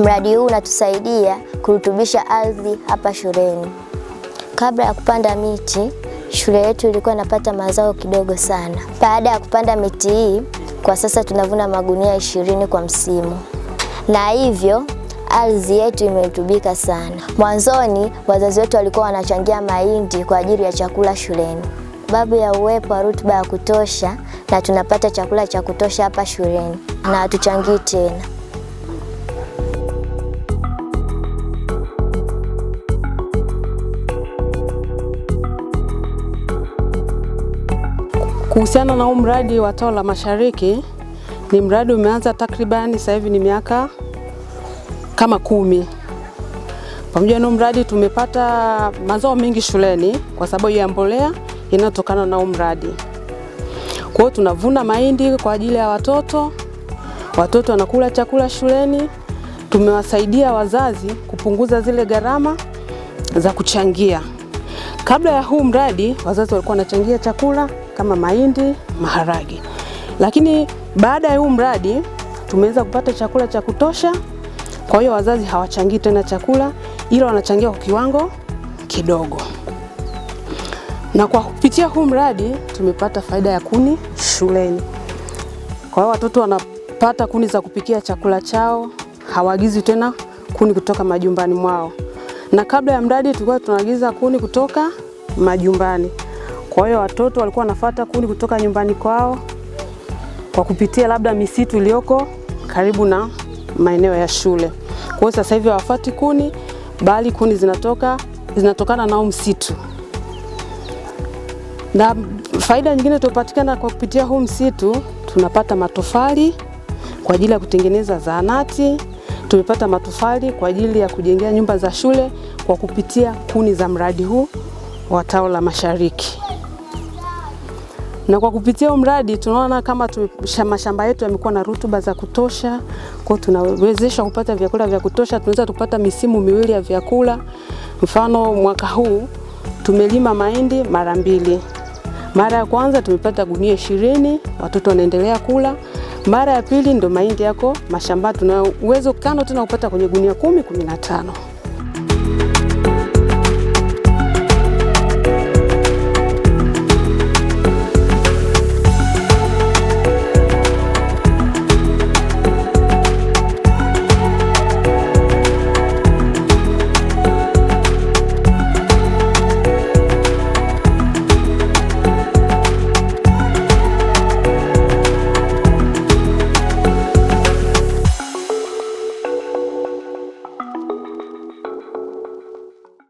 Mradi huu unatusaidia kurutubisha ardhi hapa shuleni. Kabla ya kupanda miti, shule yetu ilikuwa inapata mazao kidogo sana. Baada ya kupanda miti hii, kwa sasa tunavuna magunia ishirini kwa msimu, na hivyo ardhi yetu imerutubika sana. Mwanzoni wazazi wetu walikuwa wanachangia mahindi kwa ajili ya chakula shuleni. Sababu ya uwepo wa rutuba ya kutosha na tunapata chakula cha kutosha hapa shuleni na hatuchangii tena. Kuhusiana na huu mradi wa tao la Mashariki, ni mradi umeanza takribani sasa hivi ni miaka kama kumi. Pamoja na mradi tumepata mazao mengi shuleni kwa sababu ya mbolea inayotokana na huu mradi. Kwa hiyo tunavuna mahindi kwa ajili ya watoto, watoto wanakula chakula shuleni. Tumewasaidia wazazi kupunguza zile gharama za kuchangia. Kabla ya huu mradi, wazazi walikuwa wanachangia chakula kama mahindi, maharage. Lakini baada ya huu mradi tumeweza kupata chakula cha kutosha, kwa hiyo wazazi hawachangii tena chakula, ila wanachangia kwa kiwango kidogo, na kwa kupitia huu mradi tumepata faida ya kuni shuleni. Kwa hiyo watoto wanapata kuni za kupikia chakula chao, hawaagizi tena kuni kutoka majumbani mwao, na kabla ya mradi tulikuwa tunaagiza kuni kutoka majumbani. Kwa hiyo watoto walikuwa wanafuata kuni kutoka nyumbani kwao kwa kupitia labda misitu iliyoko karibu na maeneo ya shule. Kwa hiyo sasa hivi hawafuati kuni, bali kuni zinatoka zinatokana nao msitu. Na faida nyingine tunapatikana kwa kupitia huu msitu, tunapata matofali kwa ajili ya kutengeneza zahanati, tumepata matofali kwa ajili ya kujengea nyumba za shule kwa kupitia kuni za mradi huu wa tao la Mashariki na kwa kupitia mradi tunaona kama mashamba yetu yamekuwa na rutuba za kutosha, kwa tunawezesha kupata vyakula vya kutosha. Tunaweza kupata misimu miwili ya vyakula. Mfano, mwaka huu tumelima mahindi mara mbili. Mara ya kwanza tumepata gunia ishirini, watoto wanaendelea kula. Mara ya pili ndo mahindi yako mashamba, tuna uwezo kano tena kupata kwenye gunia kumi, kumi na tano.